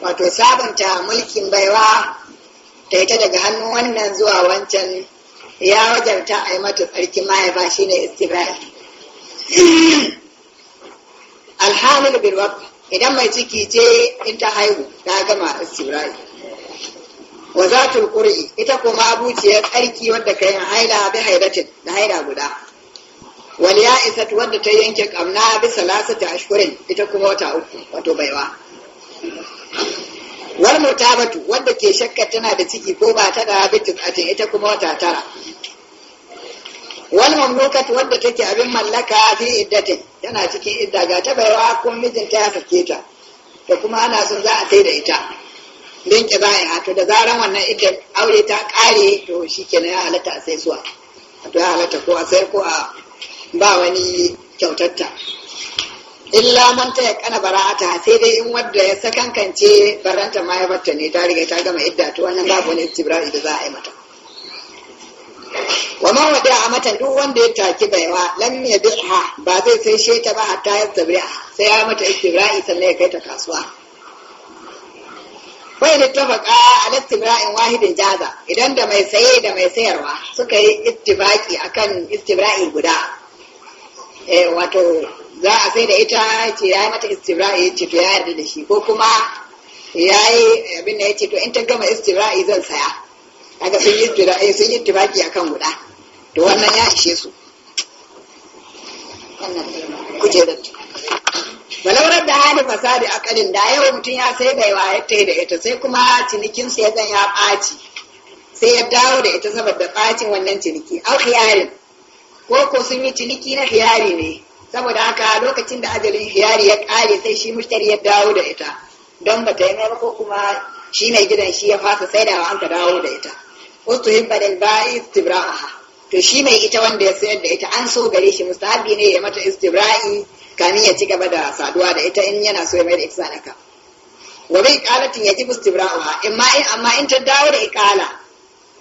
wato sabunta mulkin baiwa ta ita daga hannun wannan zuwa wancan ya wajarta a yi mata tsarki mahaifa ne istibari alhamil birwab idan mai ciki ce in ta haihu ta gama istibari wa ta qur'i ita kuma abuciyar tsarki wadda ka yi haila bi haidatin da haila guda wal isa wadda ta yanke kamna bi ta ashirin, ita kuma wata uku wato baiwa wal murtabatu wanda ke shakka tana da ciki ko ba ta da bitin atin ita kuma wata tara wal mamlukatu wanda take abin mallaka fi iddati tana cikin idda ga ta baiwa kun mijinta ya sake ta da kuma ana son za a sai da ita din kibayin to da zaran wannan ita aure ta kare to shikenan ya halatta sai suwa to ya halatta ko a sai ko a ba wani kyautatta illa man ta ya kana bara'ata sai dai in wanda ya sakankance baranta ma ya bata ne ta riga ta gama idda to wannan babu wani istibra'i da za a yi mata wa ma a mata duk wanda ya taki baiwa lam ya bi'ha ba zai sai she ta ba hatta ya tabri'a sai ya mata istibra'i sannan ya kai ta kasuwa wai ne ta baka ala istibra'in wahidin jaza idan da mai saye da mai sayarwa suka yi itibaki akan istibra'i guda eh, wato za a sai da ita ce ya yi mata istibra'i ya ce to ya yarda da shi ko kuma ya yi abin da ya ce to in ta gama istibra'i zan saya kaga sun yi istibra'i sun yi tibaki kan guda to wannan ya ishe su wannan balaurar da hali fasadi kanin da yau mutum ya sai da yawa ya da ita sai kuma cinikin su ya zan ya ɓaci sai ya dawo da ita saboda ɓacin wannan ciniki au hiyarin ko ko sun yi ciniki na hiyari ne saboda haka lokacin da ajalin hiyari ya kare sai shi mushtari ya dawo da ita don ba ta yi ko kuma shi mai gidan shi ya fasa da an ka dawo da ita wasu hibba da ba'i istibra'aha to shi mai ita wanda ya sayar da ita an so gare shi mustahabi ne ya mata istibra'i kamin ya ci gaba da saduwa da ita in yana so ya mai da ita sadaka wa bai qalatin ya ji imma amma in ta dawo da ikala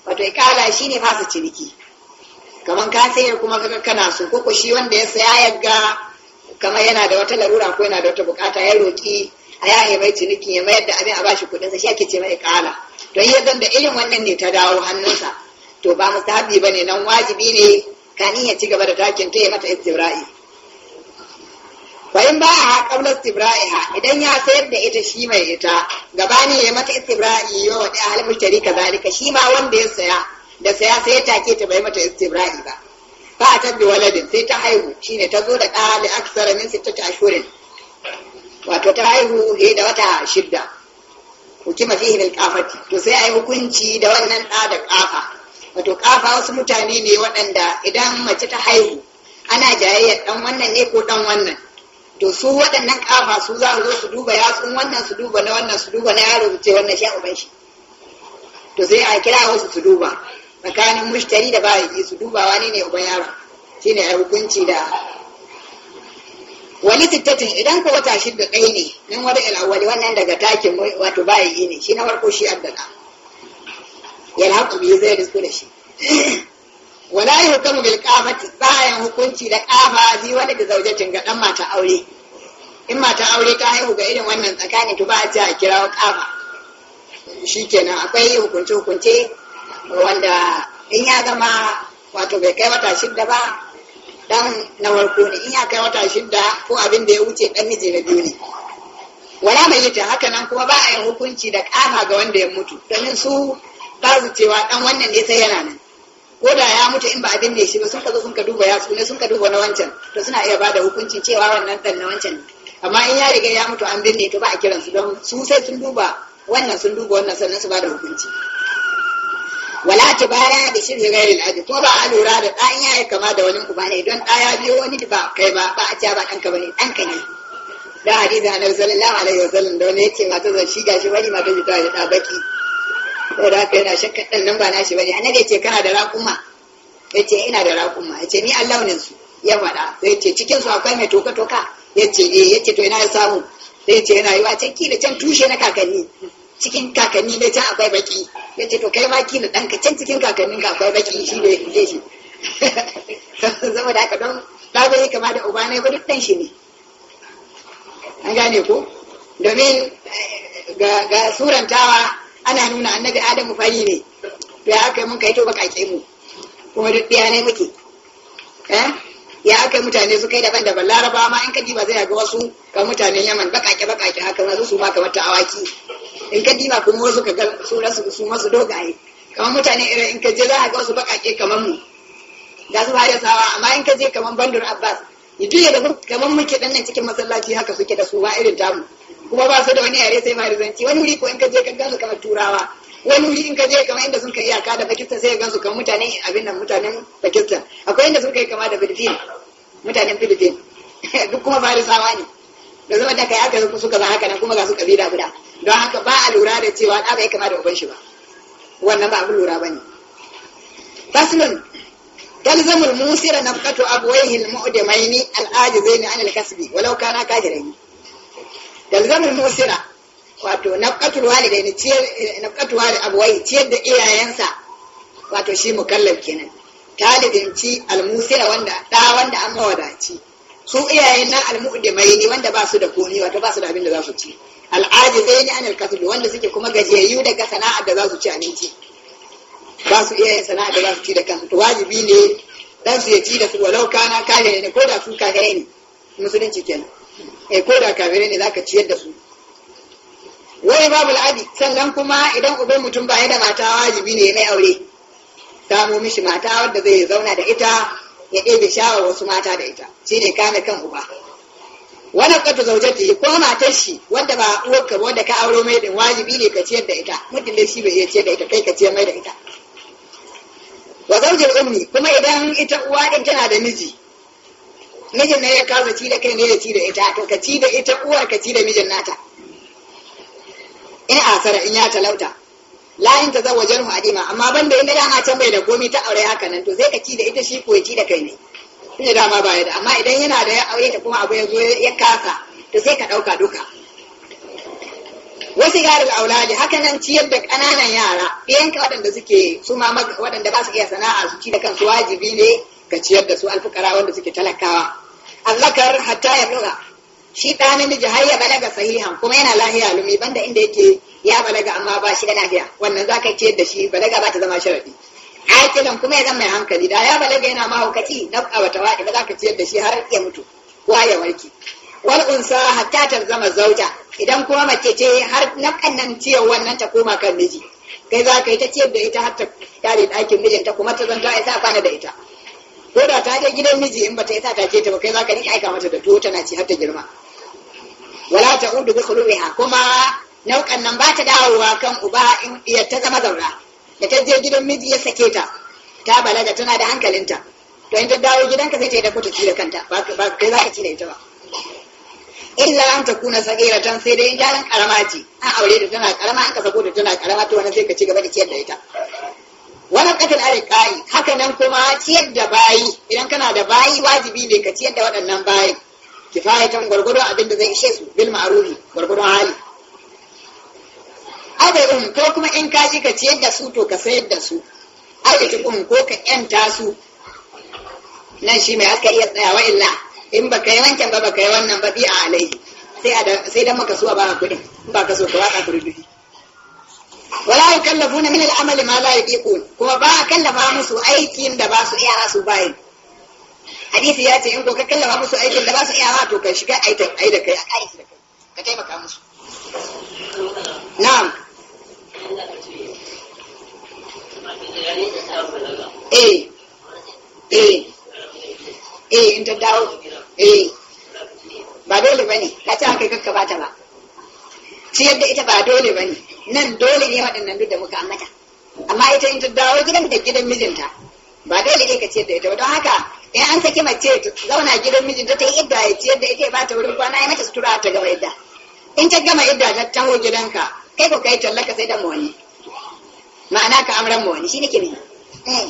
wato shi shine fasa ciniki kamar ka sayar kuma ka kana su. ko ko shi wanda ya saya ya ga kamar yana da wata larura ko yana da wata bukata ya roki a yi mai cinikin ya mayar da abin a bashi kudin sa shi ake ce mai kala to yi da irin wannan ne ta dawo hannunsa to ba ba ne nan wajibi ne kani ya ci gaba da takin ta mata istibra'i bayan ba a istibra'i ha idan ya sayar da ita shi mai ita gabani ya mata istibra'i yau da halin ka kazalika shi ma wanda ya saya da saya sai ya take ta bai mata istibra'i ba fa a tabbi waladin sai ta haihu shine ta zo da ɗa da aksara min sittata ashurin wato ta haihu he da wata shidda hukima fihi bil qafati to sai ai hukunci da wannan ɗa da ƙafa wato ƙafa wasu mutane ne waɗanda idan mace ta haihu ana jayayyar ɗan wannan ne ko ɗan wannan to su waɗannan ƙafa su za su zo su duba sun wannan su duba na wannan su duba na yaro su ce wannan shi uban shi to sai a kira wasu su duba tsakanin mushtari da bayan su dubawa ne ne uban yaron shi ya hukunci da wani tattatin idan ko wata da ɗaya ne nan wani ilawali wannan daga takin wato yi ne shi na farko shi addaka yalhaqu biyu zai risku da shi wala yi hukamu bil kafati bayan hukunci da kafa zai wani da zaujacin ga dan mata aure in mata aure ta haihu ga irin wannan tsakanin to ba a ce a kira kafa shikenan akwai hukunce hukunce wanda in ya zama wato bai kai wata shidda ba dan na warko ne in ya kai wata shidda ko abin da ya wuce dan miji na biyu ne wala mai yi haka nan kuma ba a yi hukunci da kama ga wanda ya mutu domin su ba su cewa dan wannan ne sai yana nan ko da ya mutu in ba abin ne shi ba sun ka zo sun ka duba ya su ne sun ka duba na wancan to suna iya bada hukuncin cewa wannan dan na wancan ne amma in ya riga ya mutu an binne to ba a kiransu don su sai sun duba wannan sun duba wannan sannan su bada hukunci wala ta bara da shirin gairin aji. ko ba a lura da ɗan ya yi kama da wani uba ne don ɗaya biyo wani ba kai ba ba a ce ba ɗanka bane ɗanka ne da hadiza annabi sallallahu alaihi wasallam da wani yace mata zan shi gashi bari mata ji ta da baki da haka yana shakka ɗan nan ba na shi bane annabi ce kana da raƙuma ce ina da raƙuma ce ni Allah ne su ya faɗa ce cikin su akwai mai toka toka ce eh ce to ina ya samu Ya ce yana yi wa can kila can tushe na kakanni cikin kakanni na can akwai baki ya ce to kai ma kila ɗanka can cikin kakanni ka akwai baki shi ne ya shi zama da aka don labari bai kama da uba na ba duk ɗan shi ne an gane ko domin eh, ga surantawa ana nuna annabi adamu fari ne to ya aka yi mun kai to bakake mu kuma duk ɗiya ne muke eh? ya aka yi mutane su kai daban-daban larabawa ma in ka ba zai ga wasu ga mutanen yaman bakake bakake haka ma su ma kamar ta awaki in ka dima kuma wasu ka ga su rasu su masu dogaye kamar mutane irin in ka je za a ga wasu bakake kamar mu da su baya sawa amma in ka je kamar bandur abbas duk da kamar muke dan nan cikin masallaci haka suke da su ba irin tamu kuma ba su da wani yare sai marizanci wani wuri ko in ka je ka gansu kamar turawa wani wuri in ka je kamar inda sun kai iyaka da pakistan sai ka gansu kamar mutane abin nan mutanen pakistan akwai inda sun kai kama da filifin mutanen filifin duk kuma farisawa ne da zama da kai aka suka za haka nan kuma ga su kabila guda don haka ba a lura da cewa ɗa bai kama da uban shi ba wannan ba abin lura ba ne faslun تلزم الموسر نفقة أبويه المؤدمين an عن kasbi, ولو كانا كاجرين تلزم musira wato nafqatul walidain ciyar eh, nafqatul walid abwai ciyar da iyayensa wato shi mukallaf kenan talibin ci Musira wanda da wanda an mawadaci su iyayen nan almu'dimai ne wanda ba su da komi wata ba su da abin da za su ci zai ne anil kasbi wanda suke kuma gajiyayyu daga sana'ar da za su ci abinci ba su iyayen sana'ar da za su ci da kansu wajibi ne dan su ya ci da su walau kana kare ne ko da su kare ne musulunci kenan eh ko da kafire ne zaka ciyar da su wai babu al'adi sannan kuma idan uban mutum ba ya da mata wajibi ne mai aure samu mishi mata wadda zai zauna da ita ya ɗebe shawar wasu mata da ita shi ne kame kan uba wani kwata zaujati ko matar shi wanda ba uwarka wanda ka auro mai din wajibi ne ka ciyar da ita mutum da shi bai iya ciyar da ita kai ka ciyar mai da ita wa zaujin ummi kuma idan ita uwa din tana da miji mijin ne ya kawo ci da kai ne ya ci da ita to ka ci da ita uwar ka ci da mijin nata in asara in ya talauta la in ta jarhu adima amma banda inda dama can bai da komai ta aure haka nan to zai ka ci da ita shi ko ya ci da kai ne tunda dama ba ya da amma idan yana da ya aure ta kuma abu ya zo ya kasa to sai ka ɗauka duka wasu da auladi haka nan ciyar da ƙananan yara ɗiyanka waɗanda suke su ma waɗanda ba su iya sana'a su ci da kansu wajibi ne ka ciyar da su alfukara wanda suke talakawa allakar hatta ya lura shi ɗa namiji har ya balaga sahihan kuma yana lahiya lumi banda inda yake ya balaga amma ba shi da lafiya wannan za ka ciyar da shi balaga ba ta zama sharadi aikilan kuma ya zama mai hankali da ya balaga yana mahaukaci na kawata waɗi ba za ka ciyar da shi har ya mutu wa ya warki wal unsa hatta ta zama zauta. idan kuma mace ce har na kannan ciyar wannan ta koma kan miji kai za ka yi ta ciyar da ita har ta tare ɗakin mijinta kuma ta zanta ita kwana da ita ko da ta je gidan miji in ba bata isa ta ce ta ba kai za ka rika aika mata da tuwo tana ci har ta girma wala ta udu bi khuluqiha kuma naukan nan ba ta dawowa kan uba in iya ta zama zaura da ta je gidan miji ya sake ta ta balaga tana da hankalinta to in ta dawo gidanka sai ta yi da kuta ci da kanta ba kai za ka ci da ita ba illa an ta kuna sagiratan sai dai in jaran karama ce an aure da tana karama an ka sako da tana karama to wannan sai ka ci gaba da ciyar da ita wannan katil alƙari haka nan kuma ciyar da bayi idan kana da bayi wajibi ne ka ciyar da waɗannan bayi kifayatan gwargwadon abin zai ishe su bil ma'rufi gwargwadon hali um ko kuma in ka ji ka ciyar da su to ka sayar da su um ko ka yanta su nan shi mai aka iya tsayawa illa in ba ka yi wancan ba ba ka yi wannan ba bi a alai sai dan maka suwa ba a kuɗin in ba ka so ka watsa kurdufi wala na min al'amali ma la yutiqun kuma ba a kallafa musu aikin da ba su iya su bayi hadisi ya ce in ko ka kallafa musu aikin da ba su iya to ka shiga aikin ai da kai a kai ka taimaka musu na'am eh eh eh in ta dawo eh ba dole ba ne ka ci aka kakka ba ta ba ciyar da ita ba dole ba ne nan dole ne waɗannan duk da muka mata amma ita in ta dawo gidan da gidan mijinta ba dole ne ka ciyar da ita ba don haka in an saki mace ta zauna gidan mijinta ta yi idda ya ciyar da ita ya ba ta wurin kwana ya mata sutura ta gama idda in ta gama idda ta taho gidanka kai ko kai talla ka sai da mawani ma'ana ka amran mawani shi nake ne eh,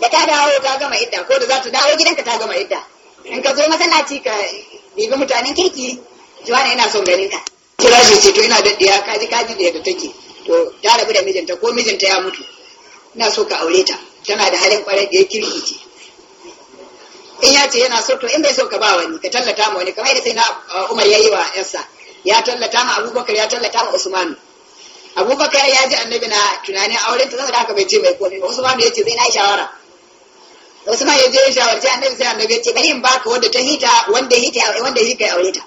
da ta dawo ta gama idda ko da za ta dawo gidanka ta gama idda in ka zo masallaci ka bibi mutanen kirki jiwana yana son ganin ka kira shi ce to ina da diya kaji kaji da yadda take to ta rabu da mijinta ko mijinta ya mutu ina so ka aure ta tana da halin kwarai da ya kirki ce in ya ce yana so to in bai so ka ba wani ka tallata ma wani kamar yadda sai na uh, Umar yayi wa yarsa ya tallata ma Abubakar ya tallata ma Usman abubakar ya ji annabi na tunanin auren ta saboda haka bai ce mai komai wasu usman ya ce zai na shawara usman ya je shawara. shawarci annabi sai annabi ya ce bari in baka wanda ta hita wanda hita wanda hita aure ta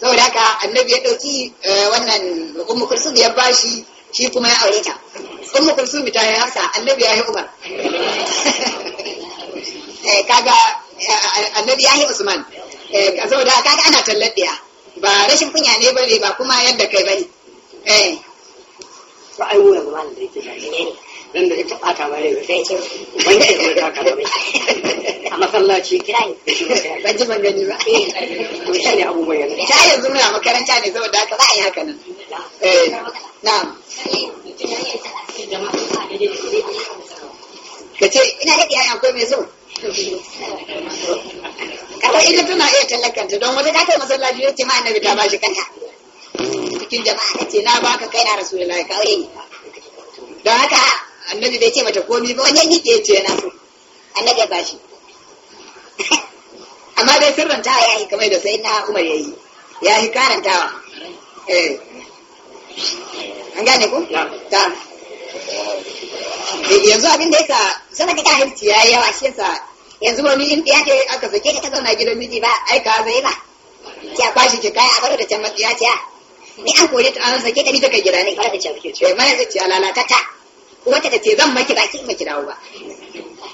saboda haka annabi ya dauki eh, wannan ummu kursu ya bashi shi kuma ya aure ta ummu kursu ta ya hafsa annabi ya yi umar eh, kaga eh, annabi ya yi usman saboda kaga ana tallabiya ba rashin kunya ne bane ba kuma yadda kai bane eh ai yake ne dan da ta ba sai ce ban ta a masallaci ban ji ban gani ba to yanzu yanzu muna makaranta ne saboda haka za a yi haka nan eh na'am ka ce ina akwai mai so kawai ita tana iya tallakanta don wata ta kai masallaci ya ce ma ta ba shi kanta cikin jama'a ta ce na baka kai na rasulullahi ka aure don haka annabi bai ce mata komi ba wani yanki ke ce na so annabi ya bashi amma dai sirranta ya yi kamar da sai na umar ya yi ya yi karantawa eh an gane ku ta eh, yanzu abin da yasa sama da kahirci ya yi yawa shi yasa yanzu ba mijin ɗaya ce aka sake ta zauna gidan miji ba aika zai ba ki a kwashi ki kai a bar da can matsiya ce in an kore ta an sake ta ni ta kai gida ne ba ta ce ake ce mai zai ce lalata ta wata ta ce zan maki ba in maki dawo ba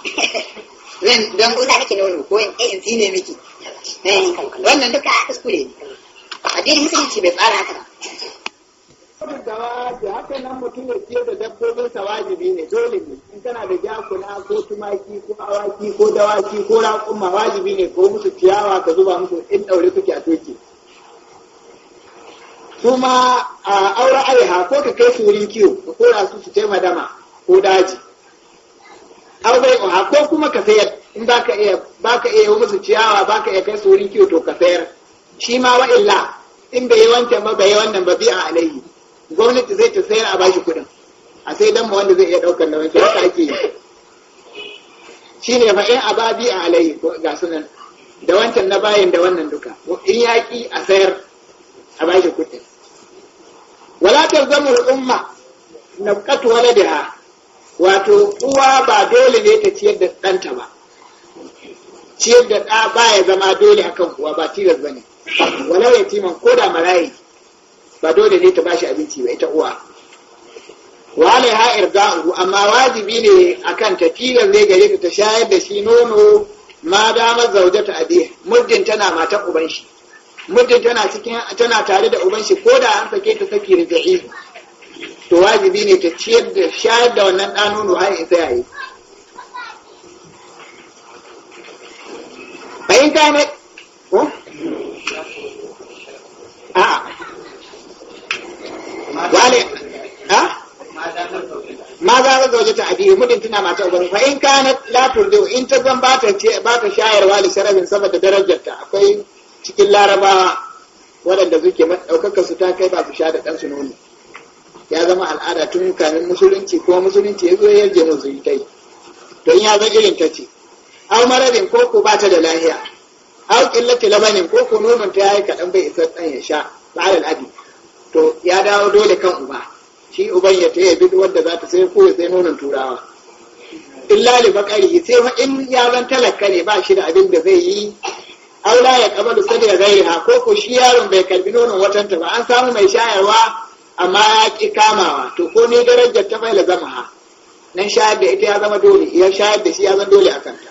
zan dan uza nake na ko in ɗayan eh, tsine miki eh, wannan duka kuskure ne addinin musulunci bai tsara haka ba da haka nan mutum ya ciyar da dabbobinsa wajibi ne dole ne in kana da jakuna ko tumaki ko awaki ko dawaki ko raƙuma wajibi ne ko musu ciyawa ka zuba musu in ɗaure suke a toke kuma a aura aiha ko ka kai su wurin kiwo ka kora su su taima dama ko daji Aure bai ko kuma ka sayar in ka iya ka iya musu ciyawa ba ka iya kai su wurin kiwo to ka sayar shi ma wa illa in bai yi wancan ba bai yi wannan ba bi'a alaihi gwamnati zai ta sayar a bashi kuɗin a sai dan ma wanda zai iya daukar da wancan haka ake yi Shi ne fa in ba bi'a alaihi ga sunan da wancan na bayin da wannan duka in yaƙi a sayar a bashi kuɗin wala tarzamu umma nafqatu waladiha wato uwa ba dole ne ta ciyar da ɗanta ba ciyar da ɗa ba ya zama dole akan uwa ba tilas ba ne wala yatiman ko da marayi ba dole ne ta bashi abinci ba ita uwa wale ha irga'u amma wajibi ne akan ta tilas zai gare ta shayar da shi nono ma damar zaujata abiya muddin tana matan uban shi muddin tana cikin tana tare da uban shi ko da an sake ta saki rija'i to wajibi ne ta ciyar da shayar da wannan ɗan nono har isa yayi bayin ta ne ko a wale a ma za ka zauje ta abiyu muddin tana mata uban fa in kana la turdu in ta zan ba ta shayarwa da sharabin saboda darajarta akwai cikin larabawa waɗanda suke ɗaukaka su ta kai ba su sha da ɗansu nono ya zama al'ada tun kamin musulunci kuma musulunci ya zo ya yarje yi. don ya zan irin ta ce au mararin ko ko ba ta da lahiya au killati labanin ko ko nonon ta yayi kaɗan bai isa ɗan ya sha ba al'adi to ya dawo dole kan uba shi uban ya taya bi wanda za ta sai ko ya sai nonon turawa In li bakari sai in ya zan talaka ne ba shi da abin da zai yi aula ya da Sadiya ga gairiha ko ko shi yaron bai karbi nonon watanta ba an samu mai shayarwa amma ya ki kamawa to ko ne darajar ta bai zama ha nan shayar da ita ya zama dole ya shayar da shi ya zama dole a kanta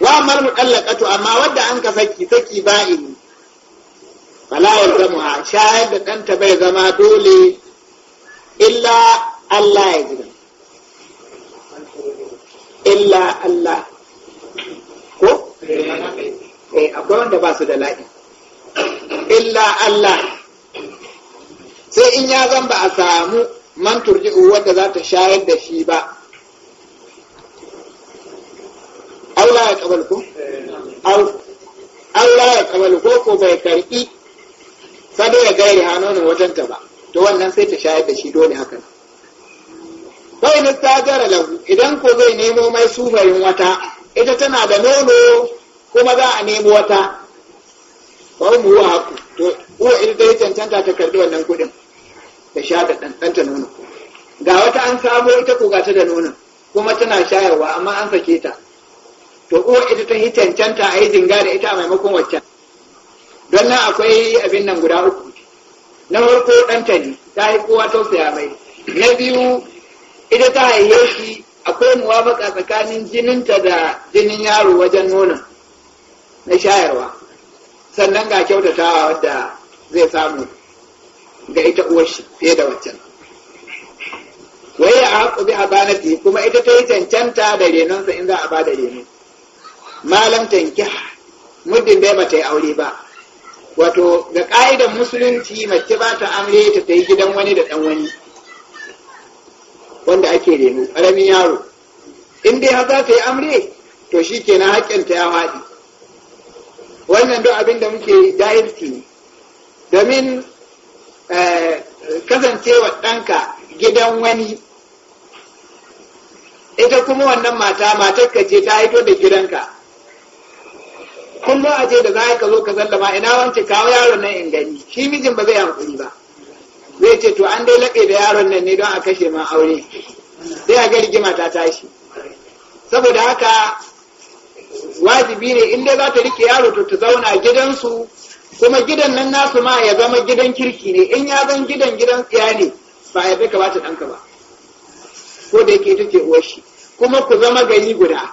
wa amar muqallaqatu amma wadda an ka saki saki ya fala ha, shayar da ɗanta bai zama dole illa Allah ya jira illa Allah ko Eh, akwai wanda ba su da la'i illa Allah sai in ya zan ba a samu manturji turji'u wadda za ta shayar da shi ba Allah ya kabal ku Allah ya kabal ko ko bai karɓi sado ya gairi hanonin wajenta ba to wannan sai ta shayar da shi dole haka bai na tajara lagu, idan ko zai nemo mai sufayin wata ita tana da nono kuma za a nemi wata ba mu wa haku to uwa ita ta cancanta ta karbi wannan kudin ta sha da ɗanɗanta nono ga wata an samo ita ko gata da nuna, kuma tana shayarwa amma an sake ta to uwa ita ta yi cancanta a yi jinga da ita a maimakon waccan don nan akwai abin nan guda uku na farko ɗanta ne ta yi kowa tausaya mai na biyu ita ta haihe shi akwai muwafaka tsakanin jininta da jinin yaro wajen nonon na shayarwa sannan ga kyautatawa wadda zai samu ga ita uwar fiye da waccan waye a haƙu bi banati kuma ita ta yi cancanta da renonsa in za a ba da reno malam tanki muddin bai bata yi aure ba wato ga ƙa'idan musulunci mace ba ta amre ta ta yi gidan wani da ɗan wani wanda ake reno ƙaramin yaro in dai har za ta yi amre to shi kenan haƙƙinta ya faɗi wannan duk abin da muke jahilci domin eh, kasancewa ɗanka gidan wani ita kuma wannan mata matarka ce ta haito da gidanka kullum a ce da za ka zo ka zallama, ina wance kawo yaron nan in gani shi mijin ba zai hankuri ba zai ce to an dai laɓe da yaron nan ne don a kashe ma aure sai a ga rigima ta tashi saboda haka wajibi ne inda zata za ta rike yaro to ta zauna gidansu kuma gidan nan nasu ma ya zama gidan kirki ne in ya zan gidan gidan tsiya ne ba ya bai kamata ɗanka ba ko da yake ita ce uwar kuma ku zama gari guda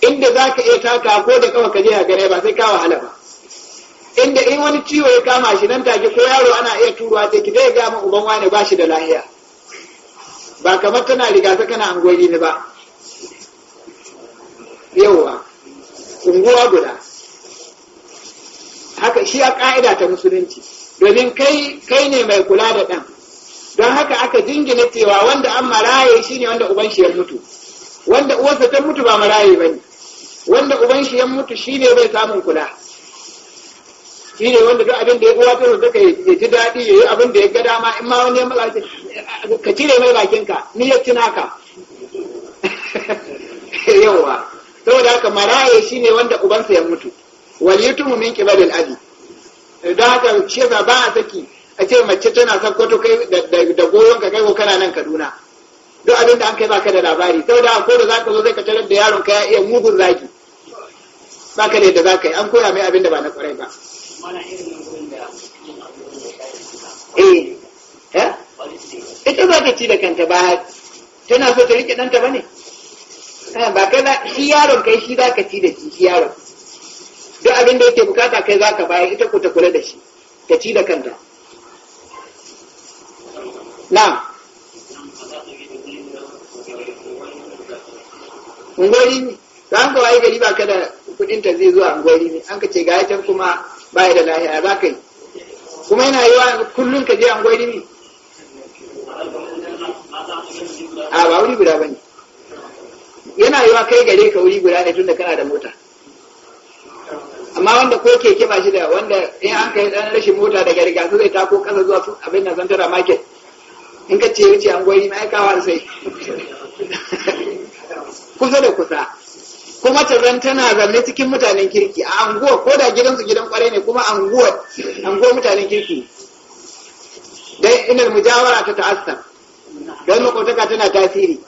inda za ka iya taka ko da kawai ka je a gare ba sai ka wahala ba inda in wani ciwo ya kama shi nan take ko yaro ana iya turuwa sai ki zai gama uban wani ba shi da lahiya ba kamar tana riga ta kana angoli ne ba yawa unguwa guda haka shi a ka'ida ta musulunci domin kai ne mai kula da ɗan don haka aka jingina cewa wanda an maraye shi ne wanda uban shi ya mutu wanda uwarsa ta mutu ba maraye ba ne wanda uban shi ya mutu shi ne bai samun kula shi ne wanda duk abin da ya uwa ta zaka ya ji daɗi ya yi abin da ya ga dama in ma wani ya malaki ka cire mai bakinka ni ya ci ka yawa saboda haka maraye shine wanda ubansa ya mutu wal yatumu min qibalil abi don haka shi ba a saki a ce mace tana to kai da goyon ka kai ko kana nan Kaduna duk abin da an kai baka da labari saboda ko da zaka zo zai ka tarar da yaron ka ya iya mugun zagi baka da yadda zaka yi an koya mai abin da ba na kwarai ba eh, eh? ita za ta ci da kanta ba tana so ta rike ɗanta ba ne wasallam ba kai za shi yaron kai shi za ka ci da shi yaron duk abin da yake bukata kai za ka bayar ita ku ta kula da shi ta ci da kanta na ungwari ne za an kawai gari ba ka da kudin ta zai zuwa ungwari ne an ka ce gaya can kuma baya da lahiya za ka yi kuma yana yi wa kullum ka je ungwari ne a ba wuri guda ba ne yana yiwa kai gare ka wuri guda ne tunda kana da mota amma wanda ko keke ba shi da wanda in an kai dan rashin mota daga riga su zai tako kasa zuwa su abin na zan tara market in ka ce wuce an gwani ma aikawa sai kusa da kusa kuma tarran tana zanne cikin mutanen kirki a anguwa ko da gidansu gidan kwarai ne kuma anguwa anguwa mutanen kirki dai inal mujawara ta ta'assar don makotaka tana tasiri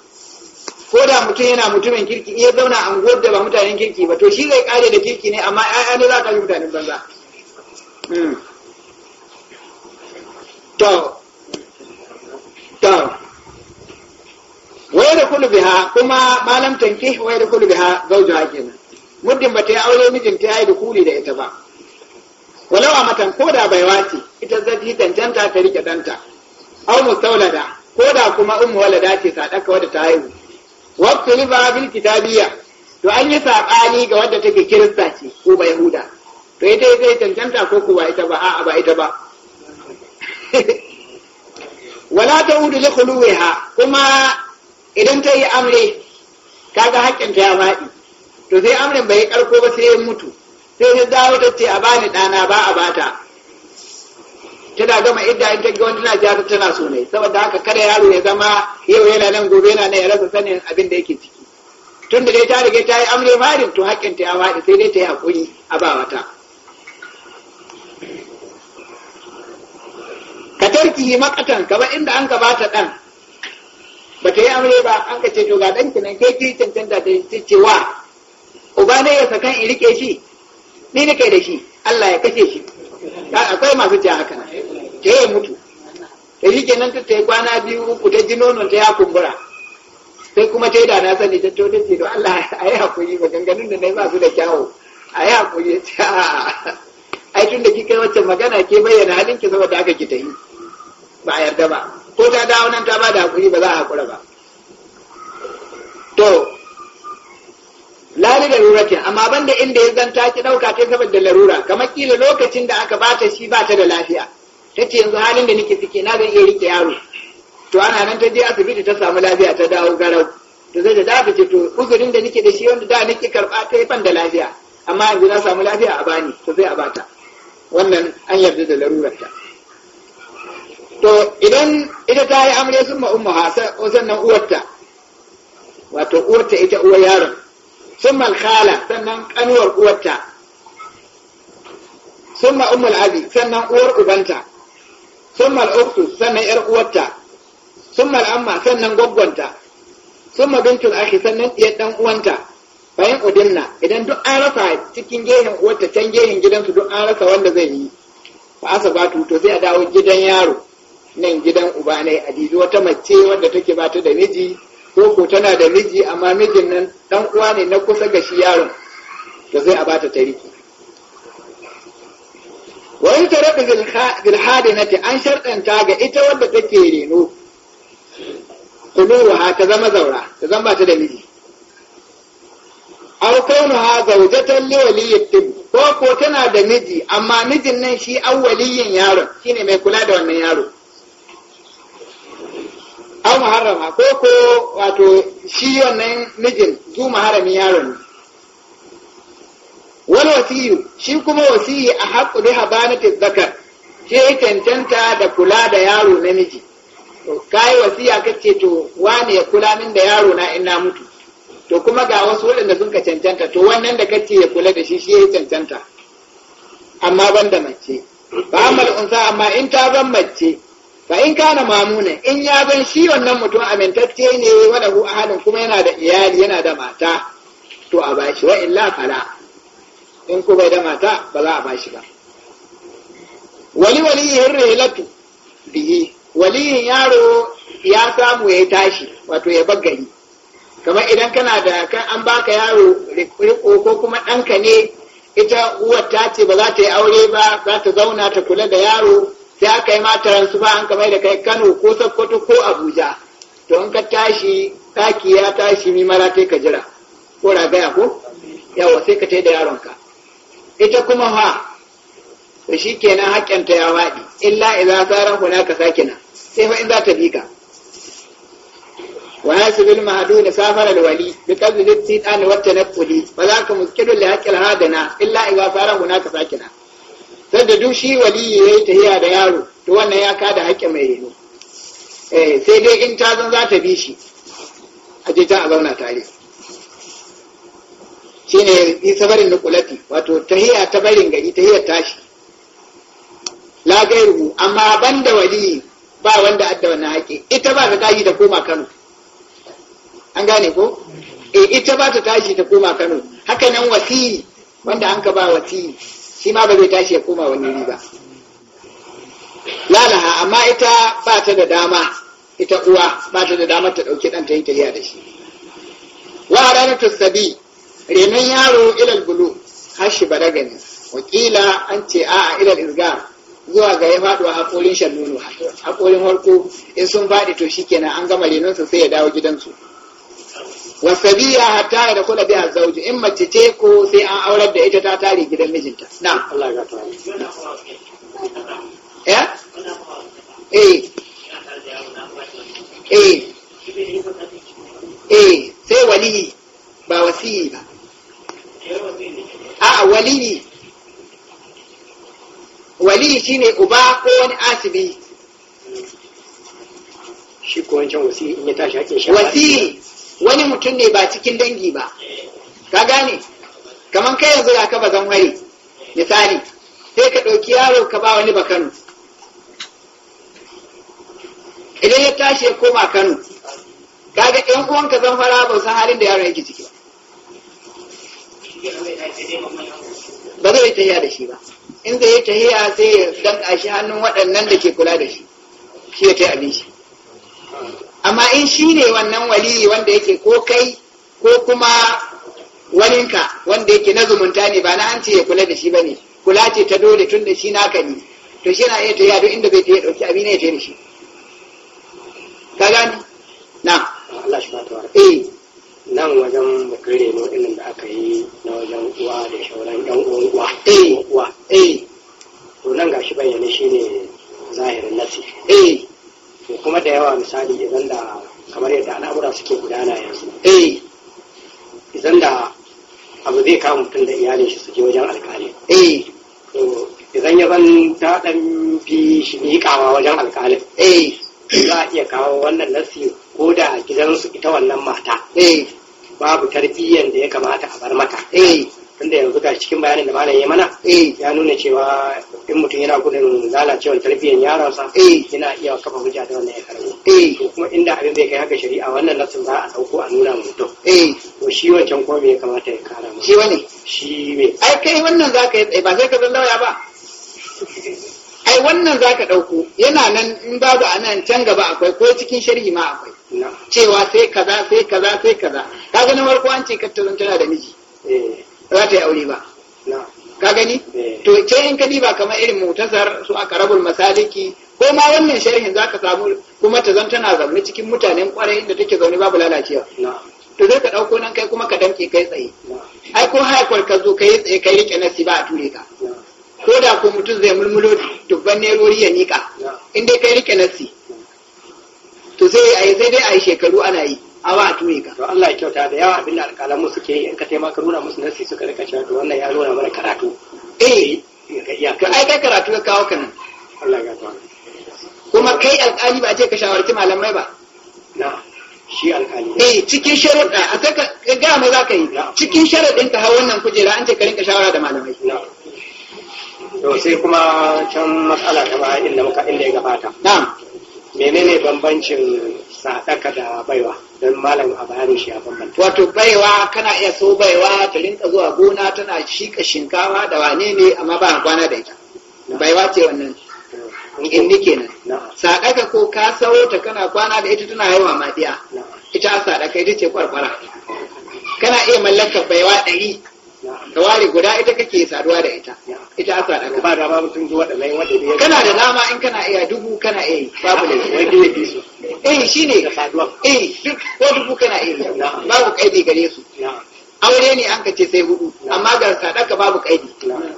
ko da mutum yana mutumin kirki iya zauna a unguwar da ba mutanen kirki ba to shi zai kare da kirki ne amma ƴaƴa ne za ka yi mutanen banza hmm. to to da kullu biha kuma malam tanki waya da kullu biha zauja nan, muddin ba ta yi aure mijinta ya yi da kuli da ita ba walau a matan ko da bai wace ita zai cancanta ta rike danta au mustaulada ko da kuma ummu walada ce ta wadda ta haihu wakili ba bil kitabiyya to an yi saɓani ga wadda take kirista ce ko ba yahuda to ita zai cancanta ko ko ba ita ba a'a ba ita ba wala ta udu li khuluwiha kuma idan ta yi amre kaga haƙƙin ta ya faɗi to sai amrin bai karko ba sai ya mutu sai ta dawo ta ce a bani ɗana ba a bata tana gama idda in ta ga wani tana jata tana so ne saboda haka kada yaro ya zama yau yana nan gobe yana nan ya rasa sanin abin da yake ciki tun da dai ta rige ta yi amre marin to haƙƙin ta ya faɗi sai dai ta yi haƙuri a ba wata ka tarki makatan kaba inda an gabata dan. ba ta yi amre ba an ka ce to ga ɗanki nan kai cancan da ta ce wa uba ne ya sakan in rike shi ni nake da shi Allah ya kashe shi akwai masu ja haka na ta yi mutu ta yi kenan ta yi kwana biyu uku ta ji nono ta ya kumbura sai kuma ta yi da na sani ta tota ce Allah a yi haƙuri ganganin da na yi masu da kyawu a yi haƙuri ta ah, ah, ah. ai tun da kika wacce magana ke bayyana halin ki saboda haka ki ta yi ba a yarda ba ko ta dawo nan ta ba da haƙuri ba za a haƙura ba to lari laruratin amma banda inda ya zanta ki ɗauka ta saboda larura kamar kila lokacin da aka bata shi ba ta da lafiya ta ce yanzu halin da nake ciki na zan iya rike yaro to ana nan ta je asibiti ta samu lafiya ta dawo garau to zai da dafa ce to uzurin da nake da shi wanda da nake karɓa ta yi fan da lafiya amma yanzu na samu lafiya a bani to zai a bata wannan an yarda da larurarta to idan ita ta yi amre sun ma'umma sannan uwarta wato uwarta ita uwar yaron ثم الخالة سنن أنور قوتا ثم أم الأبي سنن أور أبنتا ثم الأخت سنن إر قوتا ثم الأمة سنن قبونتا ثم بنت الأخ سنن يدن قوانتا bayan udinna idan duk an rasa cikin gehen uwarta can gehen gidansu duk an rasa wanda zai yi ba asa ba to sai a dawo gidan yaro nan gidan uba ne a wata mace wadda take bata da miji ko ko tana da miji amma mijin nan dan uwa ne na kusa ga shi yaron to sai a bata tariki wa in taraka bil hadinati an sharɗanta ga ita wadda take reno kuluruha ta zama zaura ta zama ta da miji aw kaunuha zawjatan li waliyyi ko ko tana da miji amma mijin nan shi awwaliyin yaron shine mai kula da wannan yaro a muharrama ko ko wato shi wannan mijin zu muharrami yaron ne wani wasiyu shi kuma wasiyi a haƙu Habana ta zakar ke cancanta da kula da yaro miji. ka yi wasiya ka ce to wani ya kula min da yaro na ina mutu to kuma ga wasu waɗanda sun ka cancanta to wannan da kace ya kula da shi shi ya cancanta amma ban da mace ba amal unsa amma in ta zan mace fa in kana mamuna in ya zan shi wannan mutum amintacce ne wanda hu ahalin kuma yana da iyali yana da mata to a bashi wa illa fala in ko bai da mata ba za a bashi ba wali wali waliyin relatu bihi waliyin yaro ya samu ya tashi wato ya baggari kamar idan kana da kan an baka yaro riko ko kuma ɗanka ne ita uwar ta ce ba za ta yi aure ba za ta zauna ta kula da yaro sai aka yi mataran su ba an kamar da kai kano ko sokoto ko abuja to in ka tashi ɗaki ya tashi ni mara ka jira ko ragaya ko yawa sai ka tai da yaronka ita kuma ha to shi kenan haƙƙinta ya waɗi illa idza zara huna ka na sai fa in za ta bi ka ويحسب المهدون سافر الولي بقدر haƙƙin والتنفل فذاك مسكن illa الهادنا إلا إذا ka sake na. Sai da duk shi waliyi ya yi tahiya da yaro to wannan ya kada haƙƙin mai reno eh, sai dai in ta zan za ta bi shi a je a zauna tare shi ne yi sabarin nukulati wato tahiya ta barin gari tahiyar tashi la gairu amma da waliyi ba wanda adda wannan haƙƙi ita ba ta tashi ta koma Kano an gane ko eh ita ba ta tashi ta koma Kano haka nan wasi wanda an ka ba wasi shi ma ba zai tashi ya koma wani riba lalaha amma ita ba ta da dama ita uwa ba ta da dama ta ɗauki ɗanta yi tafiya da shi wa ranar tasabi renon yaro ilal bulu har shi bada gani wakila an ce a'a ilal izga zuwa ga ya faɗuwa haƙorin shan nono haƙorin harko in sun faɗi to shi kenan an gama renonsa sai ya dawo gidansu wasabiya hatta ya da kula biya zauji in mace ce ko sai an aurar da ita ta tare gidan mijinta na Allah ya tsare eh eh eh eh sai wali ba wasiyi ba a waliyi wali shine uba ko wani asibi shi ko wancan wasiyi in ya tashi hakin shi wasiyi wani mutum ne ba cikin dangi ba ka gane kamar kai yanzu da ka zan wari. misali sai ka ɗauki yaro ka ba wani ba kano idan ya tashi ya koma kano kaga ɗan uwanka zan fara ba san halin da yaron yake ciki ba zai tahiya da shi ba in zai yi tahiya sai ya danka shi hannun waɗannan da ke kula da shi shi ya kai abin shi amma in shi ne wannan waliyi wanda yake ko kai ko kuma waninka wanda yake na zumunta ne ba na an ce ya kula da shi ba ne kula ce ta dole tun da shi naka ne to shi na iya ta yado inda bai ta ya ɗauki abin ya ta da shi ka gani na Allah shi wara eh nan wajen bakare ne waɗannan da aka yi na wajen uwa da shauran 'yan uwan uwa eh uwa eh to nan gashi bayyane shine zahirin nasi eh ko kuma da yawa misali idan da kamar yadda al'amura suke gudana yanzu eh idan da abu zai kama mutum da iyalin shi su wajen alkali eh to idan ya zan ta dan fi shi kawa wajen alkali eh za a iya kawo wannan nasi ko da gidansu ita wannan mata eh babu tarbiyyar da ya kamata a bar mata eh tunda yanzu ga cikin bayanin da malam ya mana eh. ya nuna cewa in mutum yana gudun lalacewar tarbiyyar yaransa eh. yana iya kafa hujja da wannan ya karbi eh. kuma inda abin bai kai haka shari'a wannan nasin za a dauko a nuna mutum to shi wancan ko me ya kamata ya kara mu shi wani shi me ai kai wannan za ka yi ba sai ka zan lauya ba ai wannan za ka ɗauko yana nan in babu a nan can gaba akwai ko cikin sharhi ma akwai cewa sai kaza sai kaza sai kaza ka ganin farko an ce tana da miji za ta yi aure ba ka gani eh. to ke in kadi ba kamar irin mutasar su aka rabul masaliki ko ma wannan sharhin za ka samu kuma ta zan tana zaune cikin mutanen kwarai da take zaune babu lalacewa to zai ka ɗauko nan kai kuma ka danke kai tsaye ai ko haifar ka zo kai tsaye kai rike nasi ba a ture ka ko da ko mutum zai mulmulo dubban nerori ya nika in dai kai rike nasi to sai dai a yi shekaru ana yi awa a tuyi ka to Allah ya kyauta da yawa abinda da alƙalan mu suke in ka taimaka nuna musu nasi suka rika cewa to wannan ya nuna mana karatu eh ya ka ai kai karatu ka kawo kan Allah ya tawa kuma kai alƙali ba je ka shawarci malamai ba na shi alƙali eh cikin sharuɗa a ka ga mai za ka yi cikin sharuɗin ka hawan nan kujera an ce ka rinka shawara da malamai na to sai kuma can matsala ta ba inda muka inda ya gabata na'am menene bambancin sadaka da baiwa don malam a bayanin shi a bambanta wato baiwa kana iya so baiwa ta rinka zuwa gona tana shika shinkawa da wane ne amma ba kwana da ita baiwa ce wannan in ni kenan sadaka ko ka sauro ta kana kwana da ita tana haihuwa madiya ita sadaka ita ce kwarkwara kana iya mallakar baiwa ɗari tawari guda ita kake saduwa da ita ita aka da ba da babu sun zo wadannan wanda kana da dama in kana iya dubu kana iya yi babu ne wanda ya bi su eh shine ka saduwa eh duk ko dubu kana iya yi babu kaidi gare su aure ne an ka ce sai hudu amma ga sadaka babu kaidi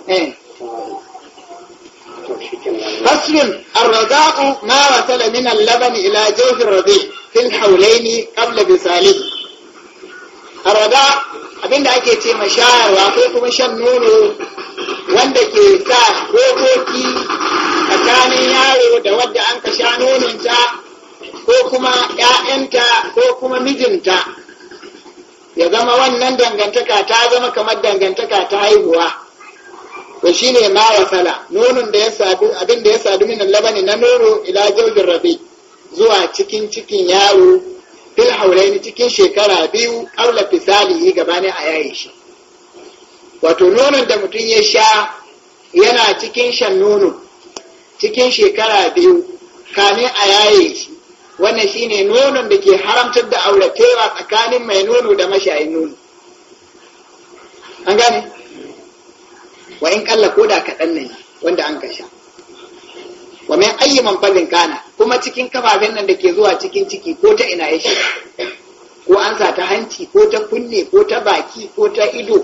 eh فصل الرضاء ما وصل من اللبن إلى جوف الرضيع في الحولين قبل بساله الرضاء Abin da ake ce ma ko kuma shan nono wanda ke sa dokoki tsakanin yaro da wadda an ka sha nononta ko kuma ‘ya'yanta ko kuma mijinta ya zama wannan dangantaka ta zama kamar dangantaka ta haihuwa shi shine ma wasala nonon da ya sadu abin da ya sadu minan labani na nono ila jirgin rabe zuwa cikin cikin yaro fil haulaini cikin shekara biyu fisali fisalihi gabanin a shi wato nonon da mutum ya sha yana cikin shan nono cikin shekara biyu kamin a shi wannan shine nonon da ke haramtar da auratewa tsakanin mai nono da mashayin nono an gane wa in kalla ko da kaɗan ne wanda an ka sha wa mai ayyi fadin kana kuma cikin kafafen nan da ke zuwa cikin ciki ko ta ina ya ko an sa ta hanci ko ta kunne ko ta baki ko ta ido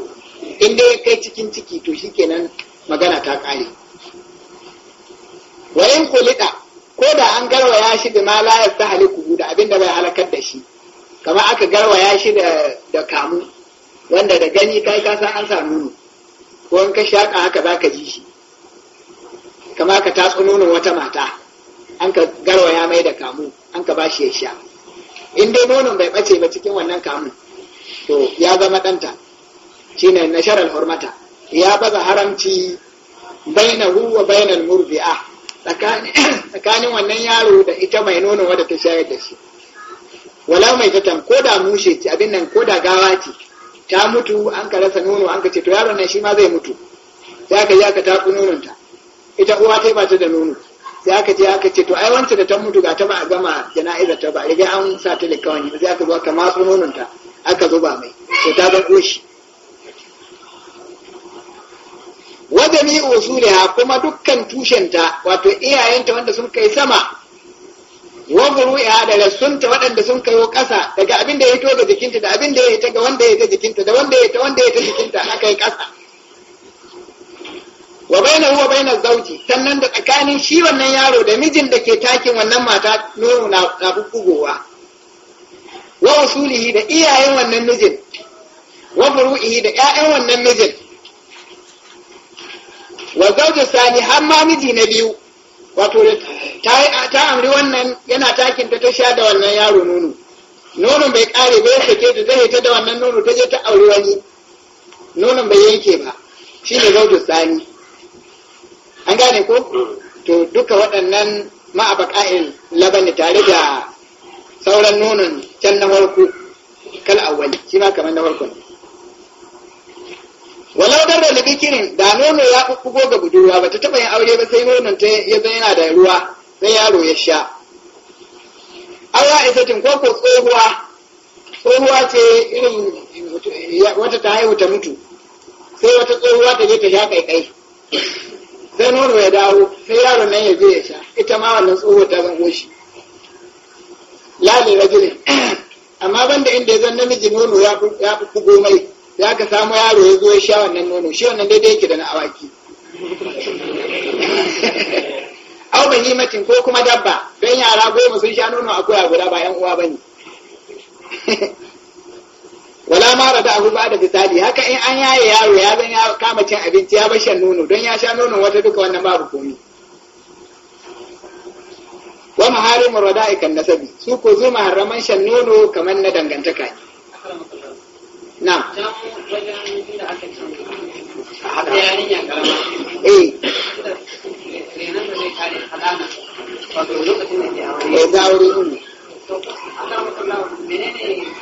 inda ya kai cikin ciki to shi shikenan magana ta kare wayan kulida ko da an garwaya shi da ma ta haliku da abin da bai halakar da shi kamar aka garwaya shi da da kamu wanda da gani kai ka san an sa nono ko an ka shaka haka zaka ji shi kamar ka tatso wata mata an ka ya mai da kamu an ka bashi ya sha in dai nono bai bace ba cikin wannan kamun to ya zama ɗanta shine nasharar hurmata ya baza haramci baina wa bainal murbi'a tsakanin wannan yaro da ita mai nono wadda ta shayar da shi wala mai tatan ko da mushe ci abin nan ko da gawa ce ta mutu an ka rasa nono an ka ce to yaron nan shi ma zai mutu ya ka ya aka tafi nononta ita uwa ta ba ta da nono sai aka je aka ce to ai wance da ta mutu ga ta ba a gama jana'izar ta ba riga an sa ta kawai sai aka zo aka matsu ta aka zuba mai to ta wanda ni wajami ha kuma dukkan tushenta wato iyayenta wanda sun kai sama wa buru'iha da rassunta wanda sun kai kasa, daga abin da ya hito ga jikinta da abin da ya hita ga wanda ya ta jikinta da wanda ya ta wanda ya ta jikinta aka yi kasa. wa bainahu huwa bainaz zawji sannan da tsakanin shi wannan yaro da mijin da ke takin wannan mata nono na na bugowa wa usulihi da iyayen wannan mijin wa buruhi da ƴaƴan wannan mijin wa zawji sani har ma miji na biyu wato ta ta amri wannan yana takin ta ta sha da wannan yaro nono nonon bai kare ba ya sake ta zai ta da wannan nono ta je ta auri wani nonon bai yanke ba shine zawju sani an gane ko to duka waɗannan ma'abaka'il labani tare da sauran nonon can na warku kal awwal shi ma kamar na farko walau dan da bikirin da nono ya bubbugo ga budurwa bata taba yin aure ba sai nonon ta ya zai yana da ruwa sai yaro ya sha awa isatin ko ko tsohuwa tsohuwa ce irin wata ta haihu ta mutu sai wata tsohuwa ta je ta sha kaikai sai nono ya dawo sai yaron nan ya je ya sha ita ma wannan tsoho ta zango shi lali rajulin amma ban da inda ya zan namiji nono ya fi kugo mai ya ka samu yaro ya zo ya sha wannan nono shi wannan daidai yake da na awaki au yi matin ko kuma dabba don yara goma sun sha nono akuya guda ba yan uwa ne. wala ma rada abu ba da fitali haka in an yaye yaro ya zan ya kama cin abinci ya bar shan nono don ya sha nono wata duka wannan babu komi wa maharimu rada'ikan nasabi su ko zo maharaman shan nono kamar na dangantaka ne na eh eh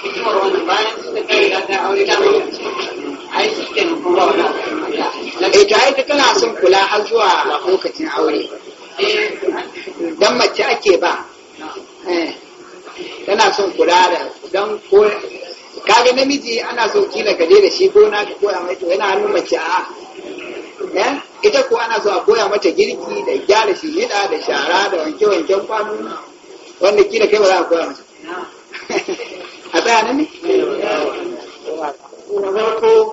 hikimar wannan bayan suka kai da ta aure ta mai ai su ke nufin ba wani na kai ta aika tana son kula har zuwa lokacin aure Don mace ake ba tana son kula da dan ko kaga namiji ana son kila ka je da shi gona ka koya mai to yana hannun mace a ita ko ana son a koya mata girki da gyara shi hida da shara da wanke-wanken kwano wanda kila kai ba za a koya mata a tsaya ne?